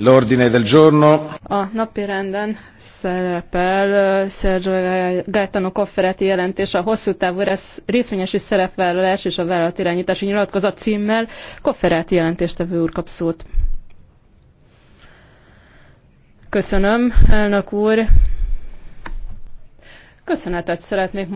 L'ordine del giorno. A napi renden szerepel Sergio Gaetano Kofferati jelentés a hosszú távú részvényesi szerepvállalás és a vállalatirányítási nyilatkozat címmel. Kofferati jelentéstevő úr kap szót. Köszönöm, elnök úr. Köszönetet szeretnék